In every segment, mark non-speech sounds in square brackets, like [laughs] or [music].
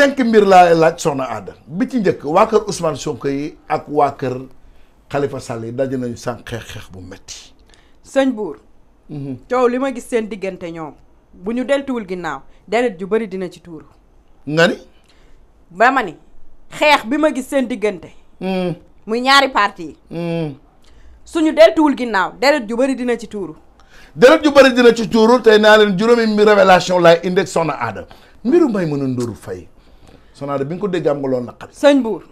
cinq mbir laa laaj soxna aada bi ci njëkk waa kër Ousmane Sonko yi ak waa kër Khalifa Sall yi daje nañu sànq xeex xeex bu metti sëñ buur mhm. coow li ma gis seen diggante ñoom bu ñu deltuwul ginnaaw deret ju bari dina ci tuuru nga xeex bi ma gis seen diggante mhm. muy ñaari parti yi mhm. suñu deltuwul ginnaaw deret ju bari dina ci tuuru deret ju bari dina ci tuuru tey naa leen juróomi mi révélation laay indi soxna aada mbiru may mën a ndóoru fay Soxna bi nga ko déggee am nga loolu naqari sëñ buur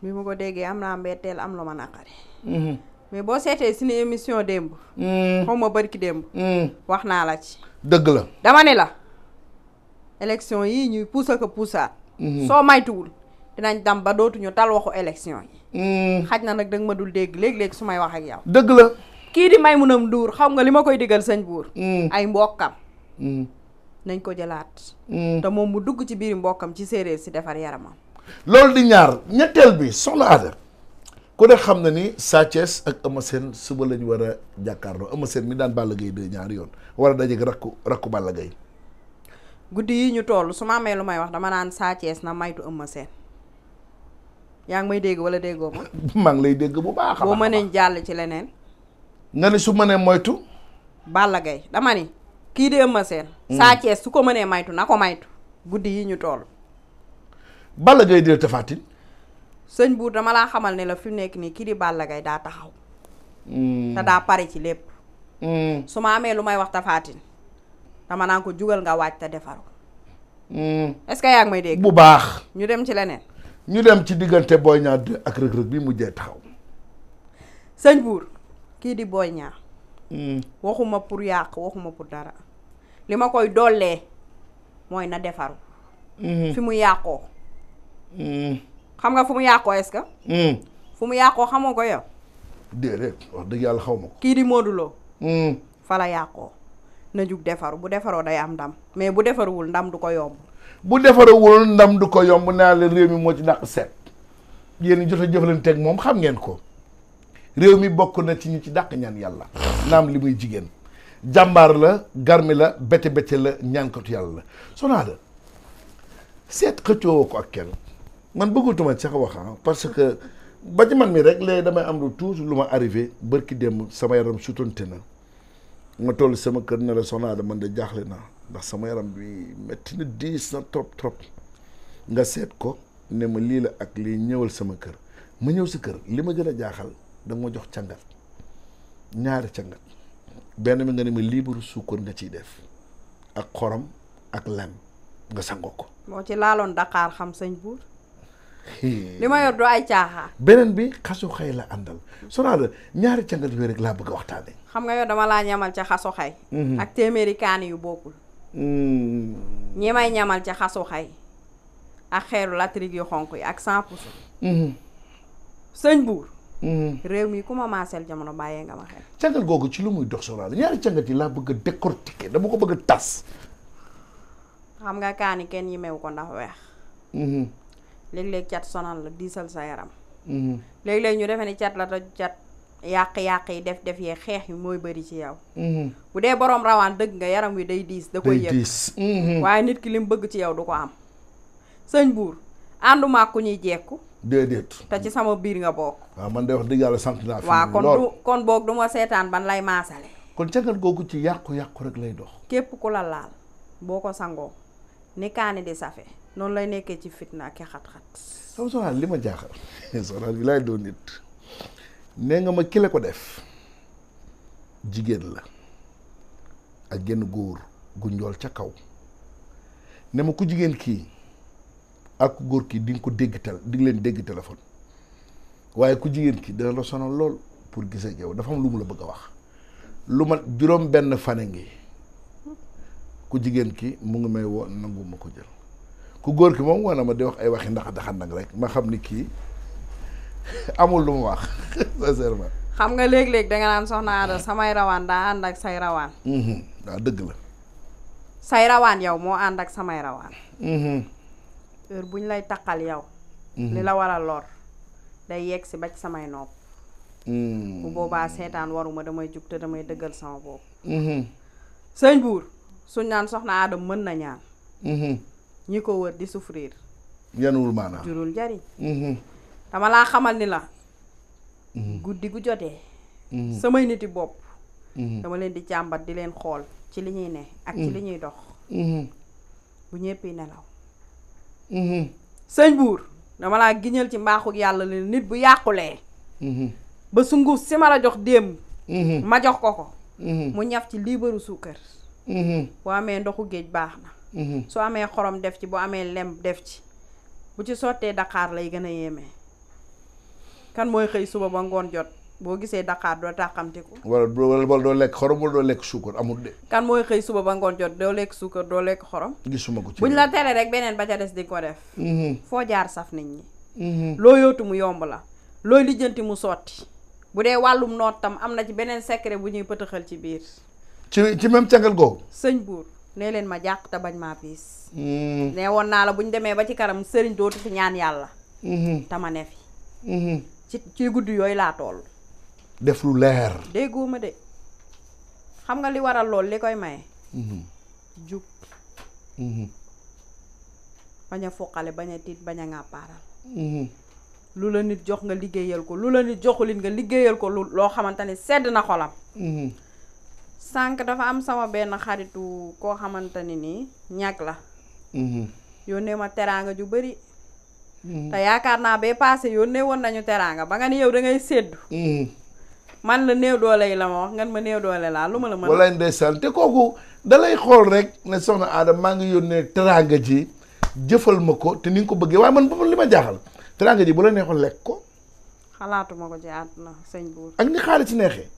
bi ma ko déggee am naa mbetteel am la ma naqari mm-hmm. mais boo seetee suñu émission démb mm-hmm. xaw ma bërki démb mm-hmm. wax naa la ci dëgg la dama ne la élection yi ñuy puus ak a puusaat soo maytuwul dinañ dam ba dootuñu tal waxu élection yi xaj na nag danga ma dul dégg léeg-léeg su may wax ak yow dëgg la kii di may mun Maymouna Ndour xam nga li ma koy digal sañ buur ay mbokkam nañ ko jëlaat. Mm. te moom mu dugg ci biir mbokkam ci séeréer si defar yaramam. loolu di ñaar ñetteel bi soxna aada ku ne xam na ni Sa Thiès ak Eumeu Sène suba lañu war a jàkkaarloo Eumeu Sène mi daan Balla Gaye de ñaari yoon war a dajeeg rakku rakku Balla Gaye guddi yi ñu toll su ma amee lu may wax dama naan Sa na maytu Eumeu Sène yaa ngi may dégg wala déggoo ma. [laughs] maa lay dégg bu baax a baax boo ne jàll ci leneen. nga ni su mënee moytu. Balla Gaye dama ni. kii di Eumeu seen mm. Sa Thiès su ko mënee maytu na ko maytu guddi yi ñu toll Balla Gaye di Tapha sëñ buur dama laa xamal ne la fi mu nekk nii kii di Balla Gaye daa taxaw mm. te daa pare ci lépp mm. su ma amee lu may wax Tapha Tine dama naan ko jugal nga waaj te defaru est-ce que yaa ngi may dégg bu baax ñu dem ci leneen ñu dem ci diggante Boy Niang 2 ak Reug Reug bi mujjee taxaw sëñ buur kii di booy Niang waxuma pour yàq waxuma pour dara li ma koy dollee mooy na defaru mm-hmm. fi mu yàqoo mm-hmm. xam nga fu mu yàqoo est-ce mm-hmm. fu mu yàqoo xamoo ko yow déedéet wax dëgg yàlla xaw ma ko kii di Modou Lo fa la yàqoo na jug defaru bu defaroo day am ndam mais bu defaruwul ndam du ko yomb bu defarawul ndam du ko yomb naa leen réew mi moo ci dàq seet yéen jot a jëflanteeg moom xam ngeen ko réew mi bokk na ci ñu ci dàq ñan yàlla naam li muy jigéen jàmbaar la garmi la bette bette la ñaankatu yàlla la Sonaada seet xëccoo ko ak kenn man bëggatuma sax wax ah, parce que ba ci man mi rek léegi damay am lu lu ma arrivé bërki démb sama yaram sutonte na ma toll sama kër ne la Sonaada man de jaaxle naa ndax sama yaram bi métti na diis trop trop nga seet ko ne ma lii la ak lii ñëwal sama kër ma ñëw sa kër li ma gën a jaaxal da ma jox cangat ñaari cangat benn bi nga ne ma liibaru suukar nga ciy def ak xorom ak lem nga sangoo ko. moo ci laaloon daqaar xam sëñ buur. li ma yor du ay caaxaan. beneen bi xasu xay la àndal Soxna ñaari cangal yooyu rek laa bëgg a waxtaanee. xam nga yow dama laa ñamal ca xasu xay. Mm-hmm. ak téeméeri kaani yu bokkul. Mm-hmm. ñi may ñamal ca xeeru latrig yu xonk yi ak sans pousse. Mm-hmm. sëñ buur. réew mi ku ma maaseel jamono bàyyee nga ma xel. càngat googu ci lu muy dox soxna ñaari càngat yi laa bëgg a décortiquer dama ko bëgg tas. xam nga kaani kenn yi mew ko ndax weex. Mm-hmm. léeg-léeg cat sonal la diisal sa yaram. Mm-hmm. léeg-léeg ñu defe ni cat la te cat yàq-yàq yi def def yee xeex yi mooy bëri ci yow. Mm-hmm. bu dee borom rawaan dëgg nga yaram wi day diis. da koy yëg waaye nit ki li mu bëgg ci yow du ko am. sëñ buur ànduma ku ñuy jekku déedéet. te ci sama biir nga bokk. waaw man de wax dëgg yàlla sant naa. fi waaw kon du kon boog du ma seetaan ban lay maasale. kon cangat googu ci yàqu-yàqu rek lay dox. képp ku la laal boo ko sangoo ni kaani di safe noonu lay nekkee ci fitna ak xat-xat. xam soxna li ma jaaxal [laughs] soxna bi laay doon nit nee nga ma kile ko def jigéen la ak genn góor gu njool ca kaw ne ma ku jigéen kii. ak ku góor ki di ko dégg tel di leen dégg téléphone waaye ku jigéen ki dina la sonal lool pour gis yow dafa am lu mu la bëgg a wax lu ma juróom benn fane ngi ku jigéen ki mu ngi may woo nangu ko jël ku góor ki moom wana ma di wax ay waxi ndax daxan nag rek ma xam ni kii [laughs] amul lu mu wax [laughs] sincèrement xam nga léeg-léeg danga naan soxna Ada samay rawaan daa ànd ak say rawaan mhm, waaw dëgg la say rawaan yow moo ànd ak samay rawaan mhm. heure bu ñu lay taqal yow. Mhm. li la war a lor day yegg si ba ci samay nopp. Mhm. bu boobaa seetaan waruma damay jug te damay dëggal sama bopp. Mhm. sëñ buur suñ naan soxna Adam mën na ñaan. ñi ko wër di souffrir. yanuwul maanaam jurul jariñ. dama laa xamal ni la. guddi gu jotee. samay niti bopp. dama leen di jàmbat di leen xool ci li ñuy ne. ak ci li ñuy dox. bu ñëpp nelaw. Mhm. sëñ buur dama laa giñal ci mbaaxu yàlla ne nit bu yàqulee mhm. ba sunguf si ma la jox démb mhm. ma jox ko ko mu ñaf ci liibaru suukar bu amee ndoxu géej baax na su amee xorom def ci bu amee lem def ci bu ci sottee daqaar lay gën a yéeme kan mooy xëy suba ba ngoon jot boo gisee Dakar doo tàqamtiku wala wala doo lekk xorom wala doo lekk suukar amul de kan mooy xëy suba ba ngoon jot doo lekk suukar doo lekk xorom gisuma ko ci buñ la tere rek beneen ba ca des di ko def mm-hmm. foo jaar saf nit ñi mm-hmm. loo yootu mu yomb la looy lijjanti mu sotti bu dee wàllum noot tam am na ci beneen secret bu ñuy pëtëxal ci biir ci ci même càngal googu sëñ buur nee leen ma jàq te bañ maa piis mm-hmm. nee woon naa la bu ñu demee ba ci kanam sëriñ dootu fi ñaan yàlla tama fi ci ci guddi yooyu laa toll def lu leer. déggoo ma de xam nga li waral lool li koy maye. Mhm. jub. Mhm. bañ a foqale bañ a tiit bañ a ŋàppaaral. Mhm. lu la nit jox nga liggéeyal ko lu la nit joxulit nga liggéeyal ko loo xamante ne sedd na xolam. sànq dafa am sama benn xaritu koo xamante ne nii ñàkk la. yónnee ma teraanga ju bari te yaakaar naa bee paase yónnee woon nañu teraanga ba nga ni yow da ngay man la néew doole yi la ma wax ngan ma néew doole laa lu ma la mën walaay ndeysaan te kooku da lay xool rek ne soxna aada maa ngi yónnee teraanga ji jëfal ma ko te ni ko bëggee waaye man boobu li ma jaaxal teraanga ji bu la neexoon lekk ko xalaatuma ko ci na sëñ buur ak ni xaalis neexee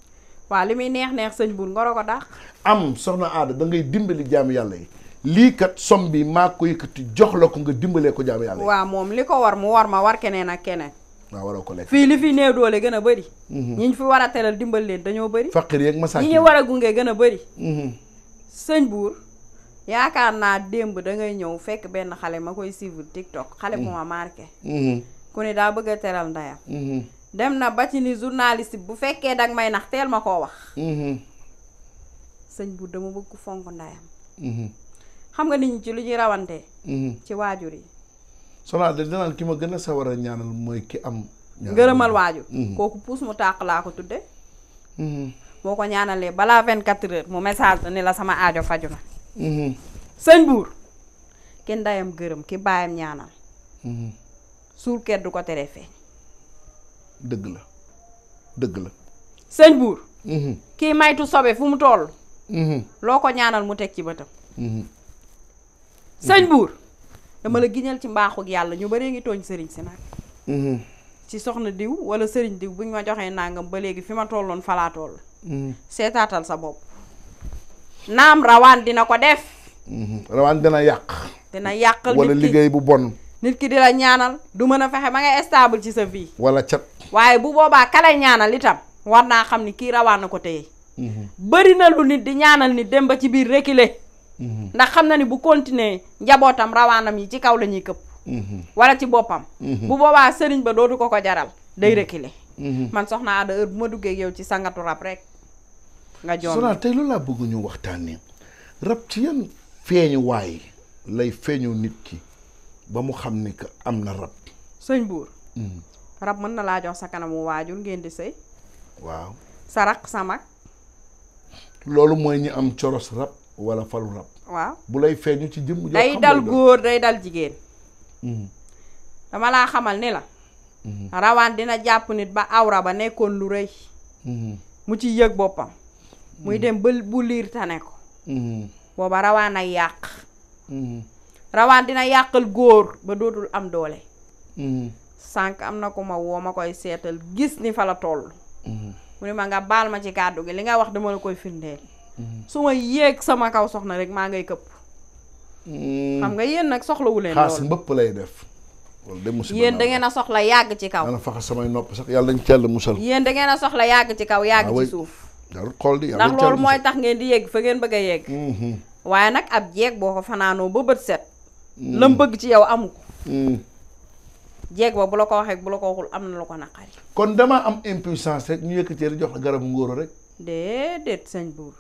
waaw li muy neex neex sëñ buur ngoro ko dàq am soxna aada da ngay dimbali jaamu yàlla yi lii kat som bi maa ko yëkkati jox la ko nga dimbalee ko jaamu yàlla yi waaw moom li ko war mu war ma war keneen ak keneen waaw ko lekk fii li fi néew doole gën a bari mhm. ñi ñu fi war a teral dimbal leen dañoo bari faqir yeeg masakin ñi ñu war a gunge gën a bëri mhm. sëñ buur yaakaar naa démb da ngay ñëw fekk benn xale ma koy suivre TikTok xale bu mhm. ma marqué ku ne daa bëgg a teral ndeyam dem na ba ci ni journaliste bu fekkee dag may nax teel ma koo wax sëñ buur dama bëgg ku fonk ndeyam xam nga nit ñi ci lu ñuy rawante ci waajur yi Sonatel dinaan ki ma gën a sawar a ñaanal mooy ki am. gërëmal waaju mm-hmm. kooku puus mu tàq laa ko tudde mm-hmm. boo ko ñaanalee balaa vingt quatre heures mu message ni la sama aajo faju na mm-hmm. sëñ buur ki ndeyam gërëm ki baayam ñaanal suul ker du ko teree feeñ dëgg la dëgg la sëñ buur kii maytu sobe fu mu toll loo ko ñaanal mu teg ci bëtam sëñ buur dama la giñal ci mbaaxug yàlla ñu baree ngi tooñ sëriñ si nag mm-hmm. ci soxna diw wala sëriñ diw bu ñu ma joxee nàngam ba léegi fi ma tolloon falaa toll mm-hmm. seetaatal sa bopp naam rawaan dina ko def mm-hmm. rawaan dina yàq dina yàqal wala liggéey bu bon nit ki di la ñaanal du mën a fexe ba nga stable ci sa vie wala cat waaye bu boobaa kalay ñaanal itam war naa xam ni kii rawaan na ko téye bëri na lu nit di ñaanal nit dem ba ci biir reculer ndax xam na ni bu continuer njabootam rawaanam yi ci kaw la ñuy këpp wala ci boppam mhm. bu boobaa sëriñ ba dootu ko ko jaral day mhm. reculer mhm. man soxna Ada heure bu ma duggee yow ci sangatu rab rek nga jox Soxna tey loolu laa bëgg ñu waxtaanee rab ci yan feeñu waay lay feeñoo nit ki ba mu xam ni que am na rab sëñ buur rab mën na laa jox sa kanamu waajur ngeen di sëy waaw sa raq sa mag loolu mooy ñi am coros rab wala falu rab. waaw bu lay feeñu ci jëmm. joo day dal góor day dal jigéen. Mm-hmm. dama laa xamal ni la. Mm-hmm. rawaan dina jàpp nit ba awra ba nekkoon lu rëy. Mm-hmm. mu ci yëg boppam. muy dem ba bu liir ne ko. booba rawaan ay yàq. rawaan dina yàqal góor ba dootul am doole. sànq am na ko ma woo ma koy seetal gis ni fa la toll. mu ne ma nga baal ma ci kàddu gi li nga wax dama la koy firndeel. su ma yéeg sama kaw soxna rek maa ngay këpp hmm. xam nga yéen nag soxlawu leen loolu xaas mbëpp lay def wala de musiba da ngeen a soxla yàgg ci kaw dana faxa samay nopp sax yàlla dañ teel musal yéen da ngeen a yàgg ah, ci kaw yàgg ci suuf darul xool di yàlla ndax loolu mooy tax ngeen di yegg fa ngeen bëgg a yegg hmm. waaye nag ab jeeg boo ko fanaanoo ba bët set hmm. lam bëgg ci yow amu jeeg ba bu la ko waxee bu la ko waxul am na lu ko naqari kon damaa am impuissance rek ñu yëkkatee jox la garabu ngóoro rek déedéet sëñ buur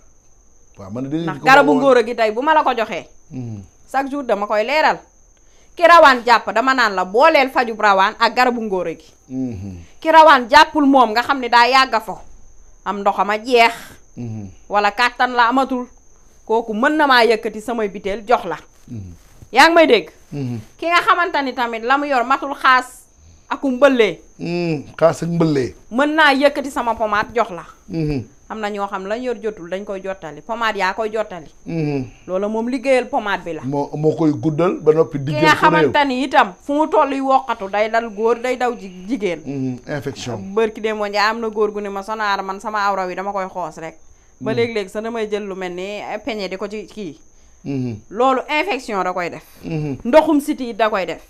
waaw man de ndax garabu ngóora gi tey bu ma la ko joxee. Hmm. chaque jour dama koy leeral. ki rawaan jàpp dama naan la booleel fajub rawaan ak garabu ngóor gi. Hmm. ki rawaan jàppul moom nga xam ne daa yàgg fo am ndox ndoxama jeex. Hmm. wala kàttan la amatul. kooku mën na maa yëkkati samay biteel jox la. yaa ngi may dégg. ki nga xamante ni tamit la mu yor matul xaas akum mbëllee. xaas ak mbëllee. mën naa yëkkati sama pomaat jox la. am na ñoo xam lañ yor jotul dañ koy jottali pomade yaa koy jotali mhm. loola moom liggéeyal pomade bi la. moo moo koy guddal ba noppi. diggante nga xamante ni itam fu mu toll woqatu day dal góor day daw jigéen. Mhm, infection bërki de moo am na góor gu ne ma sonaar man sama awra wi dama koy xoos rek. ba léegi mhm. léegi sax damay jël lu mel ni eh, peñe di ko ci kii. loolu infection da koy def. ndoxum siti da koy def.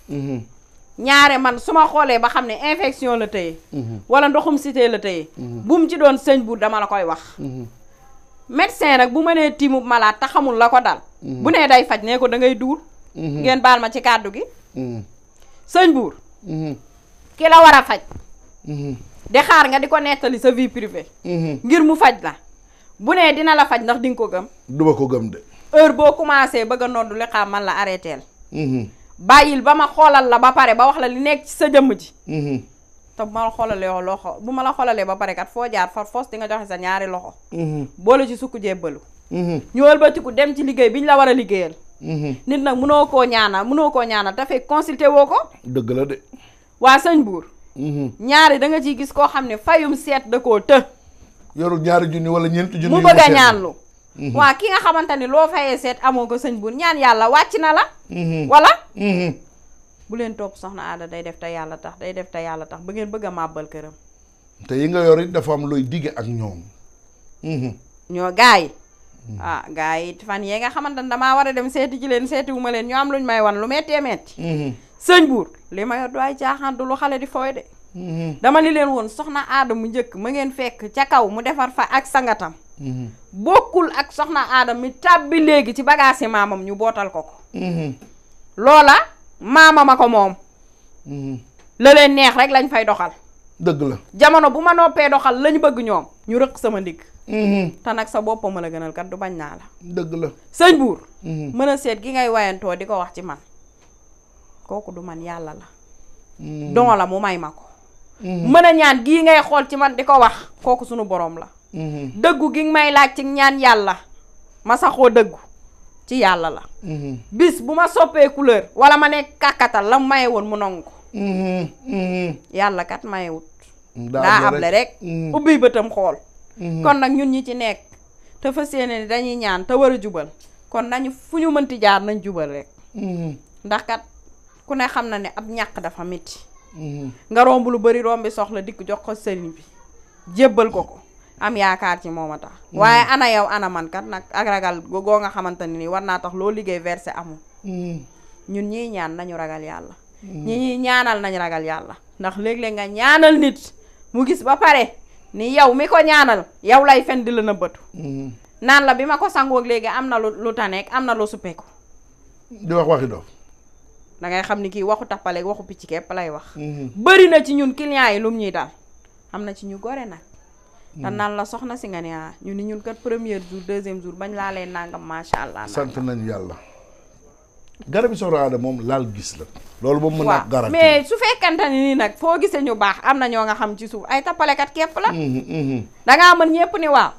ñaare man su ma xoolee ba xam ne infection la tëye mhm. wala ndoxum cité la tëye mhm. bu ci doon sëñ bu dama la koy wax mhm. médecin nag bu mënee tiimu malaat te xamul la ko dal bu nee day faj nee ko da ngay duur ngeen baal ma ci kàddu gi sëñ buur ki la war a faj di xaar nga di ko nettali sa vie privée ngir mu faj la bu nee dina la faj ndax di ko gëm duma ko gëm de heure boo commencé bëgg a noddu li xam man la arrêteel bàyyil ba ma xoolal la ba pare ba wax la li nekk ci sa jëmm ji mhm. te bu ma la xoolalee yow bu ma la xoolalee ba pare kat foo jaar far foos di nga joxe sa ñaari loxo mhm. boole ci sukk jébbalu mhm. ñu wëlbatiku dem ci liggéey bi ñu la war a liggéeyal nit nag mënoo koo ñaanal mënoo koo ñaanal te fekk consulté woo ko dëgg la de waa sañ buur ñaari da nga ciy gis koo xam ne fayum seet da koo të yorul ñaari junni wala ñeenti junni mu bëgg ñaanlu Mhm. waa ki nga xamante ni loo fayee seet amoo ko sëñ buur ñaan yàlla wàcc na la mhm. wala mhm. bu leen topp soxna aada day def te yàlla tax day def te yàlla tax ba ngeen bëgg màbbal këram te yi nga yor it dafa am looy digge ak ñoom ñoo gaa yi ah, gaa yi fan yee nga xamante ne damaa war a dem seeti ji leen seeti leen ñoo am luñ may won lu mettee metti sëñ buur li ma yor du ay caaxaan du lu xale di fooy de dama ni leen woon soxna aada mu njëkk ma ngeen fekk ca kaw mu defar fa ak sangatam bokkul ak soxna aadam mi tàbbi léegi ci bagaasi maamam ñu bootal ko ko loola maamam ako moom la leen neex rek lañ fay doxal dëgg la jamono bu ma noppee doxal lañ bëgg ñoom ñu rëq sama ndigg mm-hmm. te nag sa bopp ma la gënal kat du bañ naa la dëgg la sëñ buur mm-hmm. mën a seet gi ngay wayantoo di ko wax ci man kooku du man yàlla la mm-hmm. don la mu may ma ko mën a ñaan gii ngay xool ci man di ko wax kooku sunu boroom la dëggu gi may laaj ci ñaan yàlla ma saxoo dëggu ci yàlla la mhm. bis bu ma soppee couleur wala ma ne kàkkatal la maye woon mu nangu ko mhm, mhm. yàlla kat mayewut daa am le rek ubbi bëtam xool kon nag ñun ñi ci nekk te fas yéene ni dañuy ñaan te war a jubal kon nañu fu ñu mënti jaar nañ jubal rekk ndax kat ku ne xam na ne ab ñàkk dafa metti nga romb lu bari rombi soxla dikk jox ko sëriñ bi jébbal ko ko am yaakaar ci moom a tax mm. waaye ana yow ana man kat nag ak ragal goo nga xamante ne nii war naa tax loo liggéey versé amul mm. ñun ñii ñaan nañu ragal yàlla mm. ñi ñaanal nañ ragal yàlla ndax léeg-léeg nga ñaanal nit mu gis ba pare ni yow mi ko ñaanal yow lay fen di la nëbbatu naan la bi ma ko sangoog léegi am na lu lu taneeg am na lu suppeeku di wax waxi dof da xam ni kii waxu tappaleeg waxu picc kepp lay wax bëri na ci ñun clients yi lum ñuy dal am na ci ñu gore nag te mm. naan la soxna si nga ne ah ñu ni ñun kat premier jour deuxième jour bañ laa lay nangam macha allah. sant nañu yàlla. garabi soxna Aada moom laal gis la. loolu moom mën naa garab mais su fekkante ni nii nag foo gisee ñu baax am na ñoo nga xam ci suuf ay tappalekat képp la. Mm-hmm, mm-hmm. da ngaa mën ñëpp ni waaw.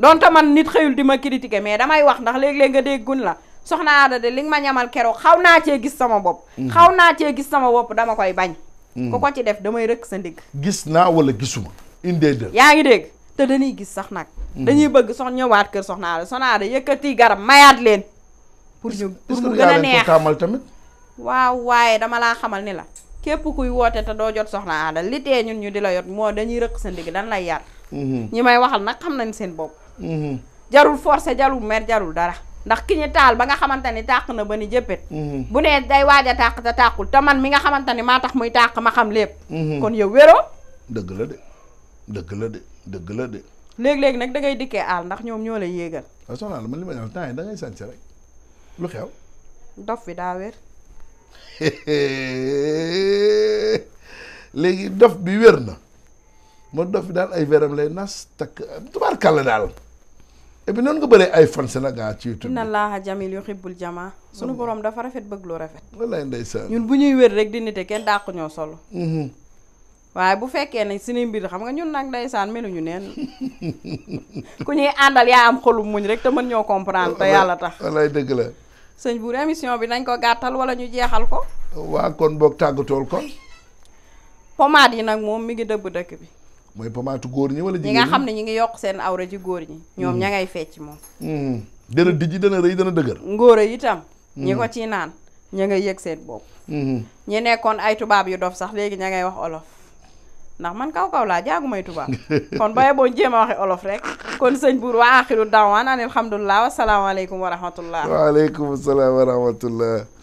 donte man nit xëyul di ma critiquer mais damay wax ndax léegi léeg nga déggun la soxna Aada de li ma ñamal keroog xaw naa cee gis sama bopp. Mm-hmm. xaw naa cee gis sama bopp dama koy bañ. ku ko ci def damay rëkk sa ndigg gis naa wala gisuma indee dë yaa ngi dégg te dañuy gis sax nag mm-hmm. dañuy bëgg sox ñëwaat kër soxnaa la soxnaa la yëkkati garab mayaat leen pour ñu pour mu neex tamit waaw waaye dama laa xamal ni la képp kuy woote te doo jot soxna aada li tee ñun ñu di la yot moo dañuy rëq sa ndigg dan lay yar mm-hmm. ñi may waxal nag xam nañ seen bopp mm-hmm. jarul forcé jarul mer jarul dara ndax ki ñu taal ba nga xamante ni tàq na ba ni jëppet mhm. bu nee day waaj a tàq te tàqul te man mi nga xamante ni maa tax muy tàq ma xam lépp mhm. kon yow wéroo dëgg la de dëgg la de dëgg la de léegi-léegi nag dangay ngay àll ndax ñoom ñoo lay yéegal waaw ah, soxna la li ma temps yi da ngay sañse rek lu daa wér [laughs] léegi bi wér na ma dof bi daal ay veram lay nas takk daal et noonu nga bëree ay fan Sénégal ci YouTube. inna allaha jamil yuhibbul jamaa. suñu boroom dafa rafet bëgg lu rafet. wallaay ndeysaan ñun bu ñuy wér rek di te kenn dàqu ñoo solo. Mm-hmm. waaye bu fekkee ne suñuy mbir xam nga ñun nag ndeysaan meluñu neen [laughs] ku ñuy àndal yaa am xolum muñ rek te mën ñoo comprendre te yàlla tax. wallaay dëgg la. sëñ Buur émission bi nañ ko gàttal wala ñu jeexal ko. waa kon boog tàggatool ko. pomade yi nag moom mi ngi dëbb dëkk bi. mooy pommade góor ñi wala jigéen ñi nga xam ne ñu ngi yokk seen awra ci góor ñi. ñoom hmm. ña ngay fecc moom. Hmm. dana dijji dana rëy dana dëgër. ngóora itam. Hmm. ñi ko ci naan ña ngay yëg seen bopp. ñi nekkoon ay tubaab yu dof sax léegi ña ngay wax olof. ndax man kaw kaw laa jaagu may tubaab [laughs] kon baye boo jéem a waxe olof rek kon sëñ buur wa axiru dawaan an alhamdulilah wasalaamaaleykum wa rahmatullah waaleykum salaam wa rahmatullah